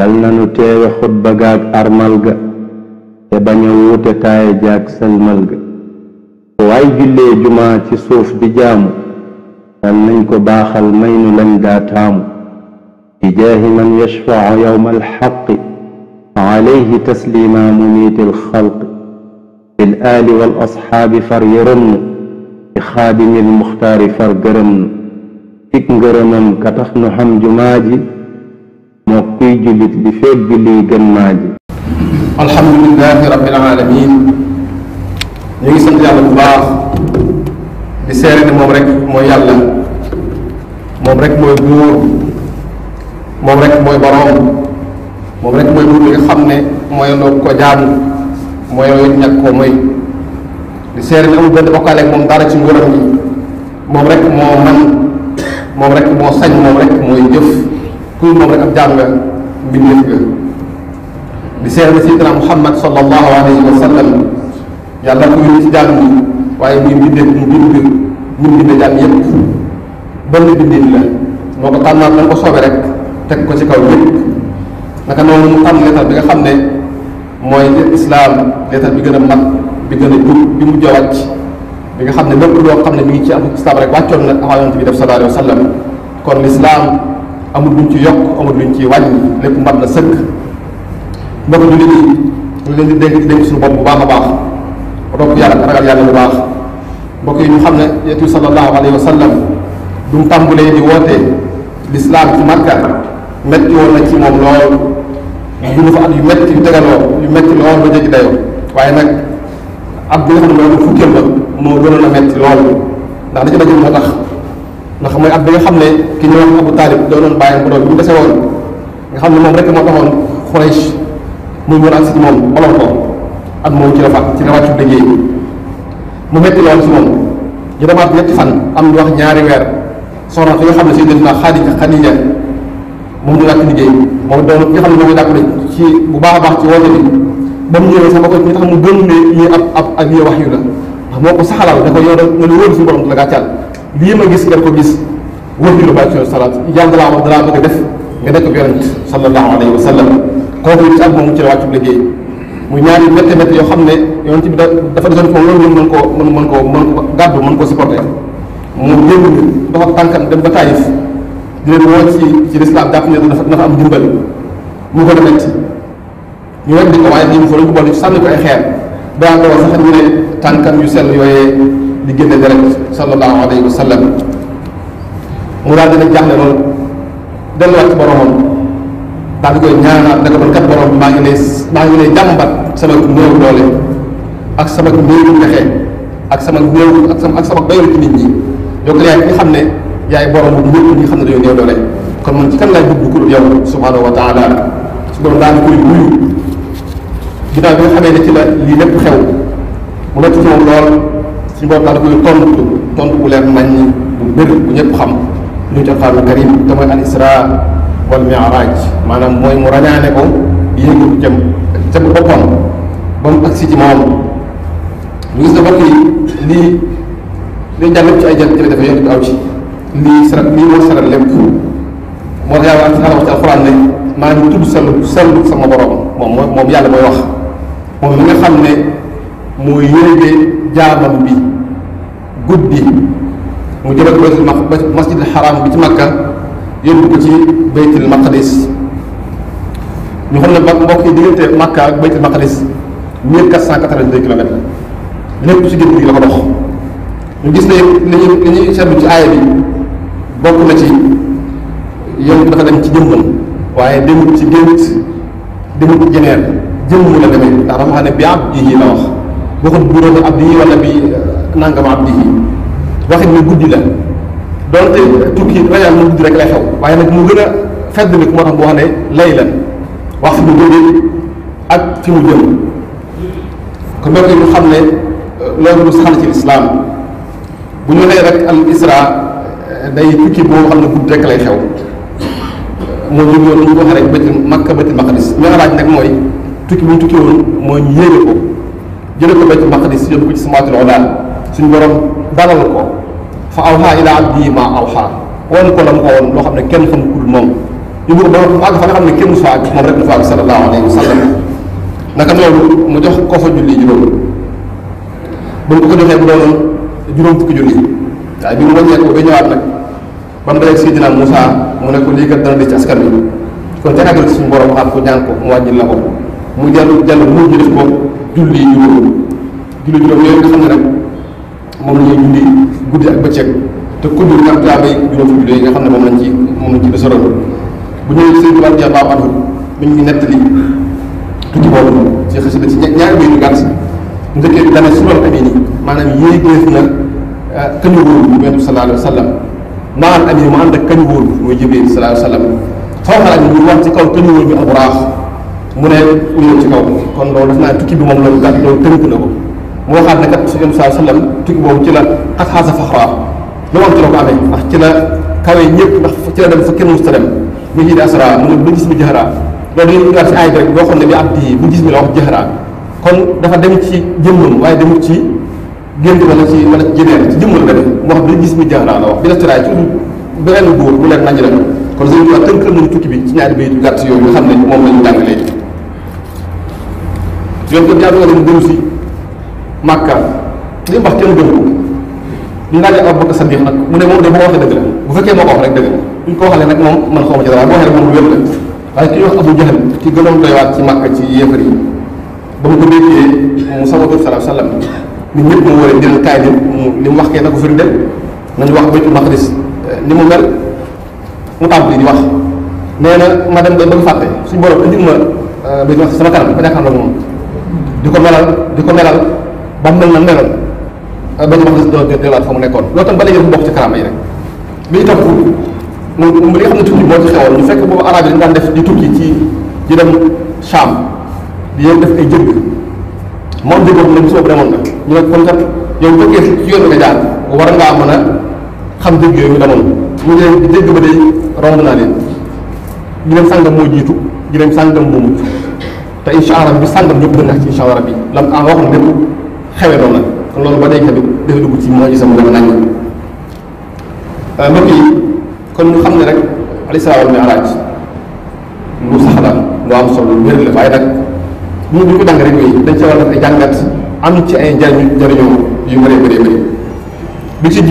yal nanu teewe xutba ga ak armal ga te bañ a wuute taaye jaag sëlmal ga waay jullee jumaa ci suuf di jaamu yal nañ ko baaxal may nu lañ daa taamu bi jaahi man yashfaa yowma alxaqi عليه تسليما مميت الخلق بالآل والأصحاب فريرن بخادم المختار فرقرن إكنقرنن كتخن حمجماجي moo kuy julit li feeg julli gën maa ji alhamdulilahi rabbil alamin ñu di seere ne moom rek mooy yàlla moom rek mooy buur moom rek mooy borom moom rek nga ko jaamu moy di seere ne amul benn bokkaale moom dara ci nguuram gi moom rek moo man rek sañ rek jëf kuy moom rek ab jaam nga mbindeef nga di seer na sayyidina Muhammad sallallahu alayhi wa sallam yàlla ko yónni ci jaam ñi waaye muy mbindeef mu bind ñun bind jaam yépp benn la moo ko rek teg ko ci kaw yépp naka noonu mu tànn leetal bi nga xam ne mooy islaam leetal bi gën a mat bi gën a jub bi mu jawat bi nga xam ne lépp loo xam ne mu ngi ci am islaam rek wàccoon na ak yonent bi def sallallahu alayhi wa sallam kon lislaam amul luñ ci yokk amul luñ ci wàññi lépp mat na sëkk mbokk jullit yi ñu leen di dénk dénk suñu bopp bu baax a baax ropp yàlla ragal yàlla bu baax mbokk yi ñu xam ne yetu sallallahu alayhi wa sallam du mu tàmbulee di woote lislaam ci Makka metti woon na ci moom lool dund fa at yu metti yu tegaloo yu metti lool ba jéggi dayoo waaye nag at bi nga xam ne mooy fukkeel ba moo gënoon a metti lool ndax dañu daje moo tax ndax mooy at bi nga xam ne ki ñu wax abu talib doonoon bàyyam borom bu dese woon nga xam ne moom rek moo taxoon xuraysh muy wër ak si moom olom ko at moom ci la fat ci la wàccu liggéey mu metti lool si moom ñu demaat ñetti fan am ñu wax ñaari weer soxna fi nga xam ne si dina xadija xadija moom ñu wàcc liggéey moom doon nga xam ne moom dàpp ci bu baax a baax ci woote bi ba mu ñëwee sama ko ñu tax mu gëm ne lii ab ab ak yow wax yu la ndax moo ko saxalal da ko yow da nga lu wóor si borom la gàccal lii ma gis nga ko gis wër ñu lu bàcc yoon salaat yàlla laa wax dalaa bëgg a def nga nekk yonent sallallahu alayhi wa sallam kooku ci ak moom ci la wàccu liggéey mu ñaari métti métti yoo xam ne yonent bi dafa desoon foofu koo mën mën koo mën ko gàddu mën koo supporter ba taayif di leen woo ci ci lislaam jàpp ne dafa am dimbali mu gën a métti ñu weddi ko waaye di mu ko lañ ko boole sànni ko ay xeer daa ko wax sax ñu ne tànkam yu sell yooyee di génne deret sallallahu alayhi wa sallam mu daal dina jaaxle loolu delluwaat ci boromam daal di koy ñaanaat ne ko man kat borom maa ngi lay maa ngi lay jàmbat sama néew doole ak sama néew pexe ak sama néew ak sama ak sama doylu ci nit ñi donc yaay ki xam ne yaay borom bu ñëpp ñi xam ne dañoo néew doole kon man ci kan laay bëgg ku yow subhanahu wa su borom daal di koy wuyu ginnaaw bi nga xamee ne ci la lii lépp xew mu métti ci lool si bo daal koy tontu tontu bu leer nañ bu bëri bu ñepp xam lu ci xaanu karim te moy al isra wal mi'raj manam moy mu rañane ko ci jëm ci bopam ba mu agsi ci mom ñu sa bakki ni ni li ci ay jël ci dafa yëngu aw ci ni sarat ni mo sarat lepp mo tax wax ci xalaat alquran ne ngi tuddu sell sell sama borom mom mom yalla moy wax mom mi nga xam ne mooy yéege jaamam bi guddi mu jëbal ko ci masjidil xaraam bi ci makka yóbbu ko ci baytil maqdis ñu xam ne mbokk yi diggante makka ak baytil maqdis mille quatre cent quatre-vingt-deux kilomètres lépp ci génn gi la ko dox ñu gis ne ni ñu li ñuy seetlu ci aaya bi bokk na ci yoon dafa dem ci jëmbam waaye demut ci gént demut jeneen jëmm la demee ndax dafa xam ne bi ab yi la wax waxut bu doon ab ji wala bi nangam abdi waxit ni guddi la donte tukki rayal mo guddi rek lay xaw waye nak mo gën fedd ni ko tax bu xane ne wax ci guddi ak ci mu jëm ko mbokk ñu xamne ne loolu lu saxal ci lislaam bu ñu lay rek al isra day tukki bo xamne guddi rek lay xaw mo ñu ñu ko xare ba ci makka ba bëti maqdis miraaj nak moy tukki mu tukki won mo ñu yéene ko jële ko ba ci maqdis yóbbu ko ci samaatul olaal suñ borom dalal ko fa awha ila abdi ma awha won ko lam ko won lo xamne kenn xam kul mom ñu ngi borom ak fa xamne kenn musa ak mom rek musa ak sallallahu alayhi wasallam naka lolu mu jox ko fa julli ji juroom bu ko joxe bu doon juroom fukki julli da bi mu wone ko be ñëwaat nak bam dalé sidina musa mu ne ko li ka dal di ci askan bi ko te agal suñu borom ak ko ñaan ko mu wajil la ko mu jallu jallu mu def ko julli juroom julli ñu yoy xamne rek moom la ñuy julli guddi ak bëccëg te kudd ak laa bay juróom fukki doy nga xam ne moom lañ ci moom lañ ci besoron bu ñëwee sëñ bi wàllu jàll baax mi ngi nettali tuuti boobu ci xasida ci ñaari bay bi dane subal amini maanaam yéegeef na kañu wóolu yonent bi sallallahu ak kañu wóolu mooy jibril sallallahu alayhi wa sallam foo xalaat ñu mu ne uyow ci kaw kon loolu daf naa tukki bi moom loolu gàtt loolu tënk na ko mu waxaat ne kat si yom saa sallam tukki boobu ci la xat xaasa faxraa lu am ci la ko amee ndax ci la kawe ñëpp ndax ci la dem fa kenn musta dem mu jiidi asra mu ne gis mi jaxaraa loolu dañuy indiwaat si aay bi rek boo xam ne bi abdi gis mi la wax jaxaraa kon dafa dem ci jëmmam waaye demul ci gént wala ci wala ci jëneen ci jëmmam la dem mu wax gis mi jaxaraa la la tiraay ci beneen góor bu leer kon sëñ bi wax tënkal tukki bi ci ñaari bayit yu gàtt yooyu nga xam ne moom la ñu jàng léegi yoon ko jaaduwala mu dellu si Makka li mu wax kenn gënu ko ñu laajee Abubakar Sadiq nag mu ne moom de bu ko waxee dëgg la bu fekkee moo ko wax rek dëgg la bu ñu ko waxee moom man xaw ma ci dara boo waxee rek moom wér la waaye ki ci gënoon doy waat ci Makka ci yéefar yi ba mu ko déggee mu sama tur salaam salaam nit ñëpp mu wóoree jël kaay bi mu li mu wax kee na ko firndeel nañu wax Baytul Maqdis eh, ni mu mel mu tàmbali di wax nee na ma dem ba ba mu fàtte suñu borom indil ma eh, Baytul Maqdis sama kanam ba jàkkaarloo moom di ko melal di ko melal ba mel na meloon ah, ba ñu wax doo delluwaat fa mu nekkoon loolu tam ba léegi dafa bokk ci karaama yi rek bi itam pour moom li nga xam ne daan def di tukki ci di dem Cham ay jëgg moom jëggoon na soobu demoon na ñu ne kon kat yow jógee ci yoon nga jaar war ngaa a xam jëgg yooyu ñu demoon ba day romb naa leen jërëm sàngam moo jiitu jërëm sàngam moo mujj te incha allah bi sàngam ñëpp gën ci incha allah bi lam en ah, wax na lépp xewe noonu la kon loolu ba léegi tamit dafa dugg ci moo gisam dama nañ la euh, mbokk yi kon ñu xam ne rek alisra wal mi'raj lu sax lu am solo lu wér la waaye nag mu duñ ko dàng rek yooyu dañ ci war a def ay jàngat am ci ay njariñ njariñoo yu bëree bëree bëri bi ci a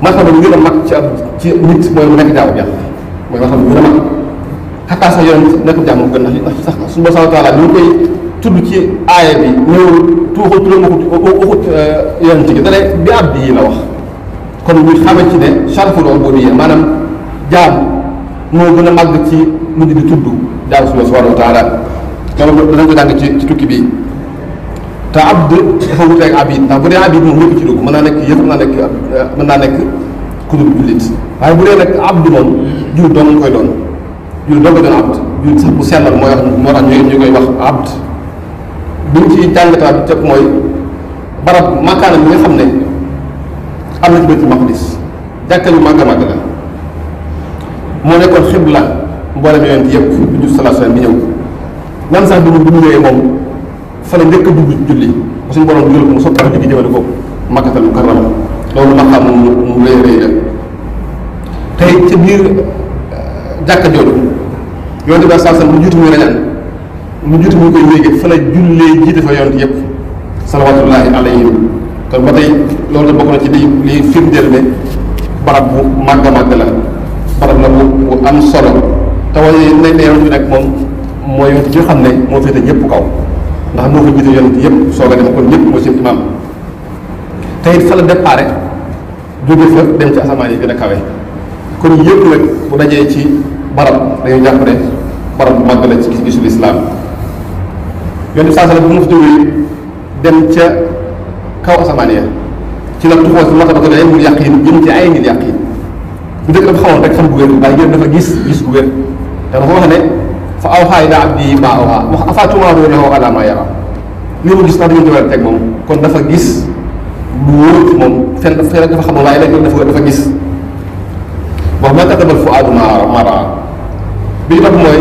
mag ci ab ci nit mooy mu nekk jaamu yàlla mooy martaba bu gën a mag xataa sax yoon nekk jaamu gën ndax sax suñu borom taala koy tudd ci aaya bi ñëwul tuuxul turam waxut waxut eh, yonent gi dane bi ab bi la wax kon ñu xamee ci ne sharful ubudiyya maanaam jaam moo gën a màgg ci mu di tudd jaam suñu subhanahu wa taala loolu danañ ko jàng ci ci tukki bii te abd dafa wute ak abid ndax bu dee abid moom ñëpp ci dugg mën naa nekk yëpp mën naa nekk eh, mën naa bu dee nag abd moom jur doon koy doon jur doon koy doon abd jur sax bu sellal mooy moo tax ñu koy wax abd bi ñu ciy jàngataat jëpp mooy barab makaana bi nga xam ne am na ci Baytul Maqdis jàkka ju màgg a màgg la moo nekkoon xibla mboolem yonent yëpp bi ñu sallallahu alayhi wa sallam bi sax bi mu bi mu ñëwee njëkk a dugg julli ba suñu borom dugal ko mu soog a juggi jëmale ko loolu ma xam mu mu rëy rëy la tey ca biir euh, jàkka jooju yonent bi sallallahu alayhi wa sallam bu jiitu muy rañaan mu jiitu mu koy léegi fa la jullee jiite fa yonent yëpp salawatullahi alayhim kon ba tey loolu bokk na ci li liy firndeel ne barab bu màgg a màgg la barab la bu bu am solo te waaye nañ ne yonent bi nag moom mooy yonent bi xam ne moo féete ñëpp kaw ndax moo ko jiite yonent yëpp soog a dem kon yépp moo si imaam te it fa la déparé jóge fa dem ci asamaan yi gën a kawe kon yëpp nag bu dajee ci barab dañuy jàpp ne barab bu màgg la ci gisul islaam yoon saa sala bu mu fi jógee dem ca kaw asamaan ci la tuxoo si mata ba ko ne mu yàq yi jëm ci ay nit yàq yi bu dëkk dafa xamoon rek xam gu wér dafa gis gis gu wér te dafa wax ne fa awxaa ilaa abdii maa awxaa wax afaatumaaroo alaa maa yaraa li mu gis sax dañu jowel teg moom kon dafa gis lu wóor ci moom fen fen dafa xamoon dafa dafa gis wax maa katabal fuaadu bi ñu mooy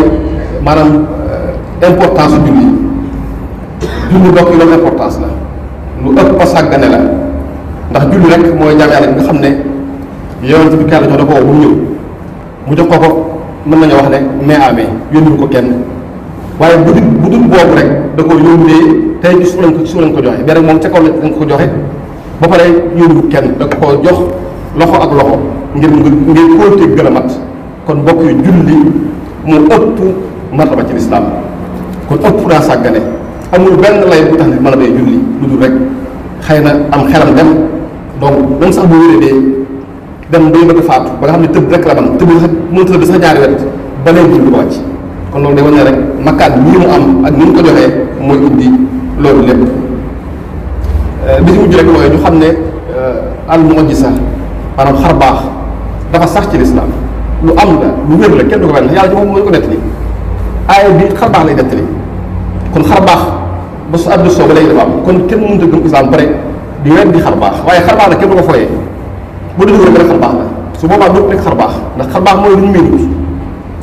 maanaam euh, importance su julli julli bokk yi loolu importance la lu ëpp ko sàggane la ndax julli rek mooy jaam yàlla bi nga xam ne yonent bi kenn jox da ko ñëw mu jox ko ko mën nañoo wax ne mais amee yónni ko kenn waaye bu dul bu dul boobu rek da ko yónnee tey su nañ ko gis nañ ko joxe bee rek moom ca kaw lañ ko joxe ba pare yónni ko kenn da ko jox loxo ak loxo ngir ngir kóolute gën a kon mbokk yi julli mu ëpp martaba ci lislaam kon ëpp naa sàggane amul benn lay bu tax ne mën a day julli lu dul rek xëy na am xelam dem donc même sax bu de dem bay bëgg faatu ba nga xam ne tëb rek la man tëb sax mënut a tëb sax ñaari wet ba léegi julli ko wàcc kon loolu day wane rek makkaat ñii mu am ak ni mu ko joxee mooy indi loolu lépp euh, bi ci mujj rek mooy ñu xam ne euh, al mu'jiza maanaam xar baax dafa sax ci lislaam lu am la lu wér la kenn du ko benn yàlla ci moom moo ko nettali aaya bi xar baax lay nettali kon xar ba su àdduna soo ba léegi dafa am kon kenn mënut a gëm islam bare di wet di xar baax waaye xar baax nag kenn du ko foyee bu dul rek xar baax la su boobaa du nekk xar baax ndax xar baax mooy lu ñu miin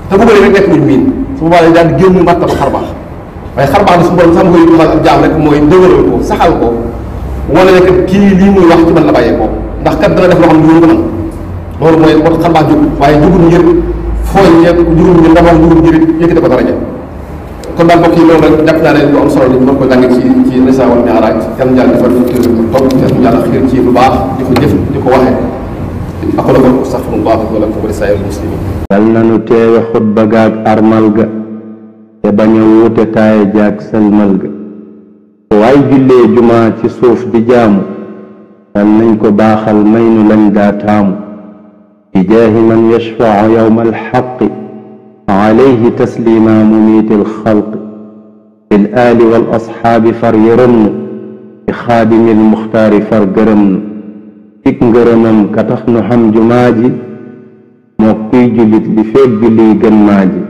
te bu bëree rek nekk lu ñu miin su boobaa dañu daan génn màttaba xar baax waaye xar baax la su borom sax ma koy dugal ak jaam rek mooy dëgëral ko saxal ko wala ne kat kii lii muy wax ci man la bàyyee ko ndax kat dana def loo xam ne duuru ko man loolu mooy xar baax jóg waaye jógul ngir fooy ñeent juróom ñi ndamal juróom ñi yëkkati ko daraja kon daal mbokk yi loolu rek jàpp naa leen lu am solo lañ mën ko jàng ci ci Israa wal Mi'raaj yan jàll defal ñu kër topp yan jàll xiir ci lu baax di ko jëf di ko waxee akula ko astaghfirullah wala ko wali saayil muslimin dal nañu teewe xutba gaag armal ga te bañ a wuute taaye jaag sëlmal ga waay jullee jumaa ci suuf di jaamu dal nañ ko baaxal may nu lañ daa taamu bi jaahi man yashfau yowma alxaqi عليه تسليما مميت الخلق بالآل والأصحاب فريرن بخادم المختار فرقرن تكنغرن كتخن حمج ماجي موكي جلد لفيد لي جماجي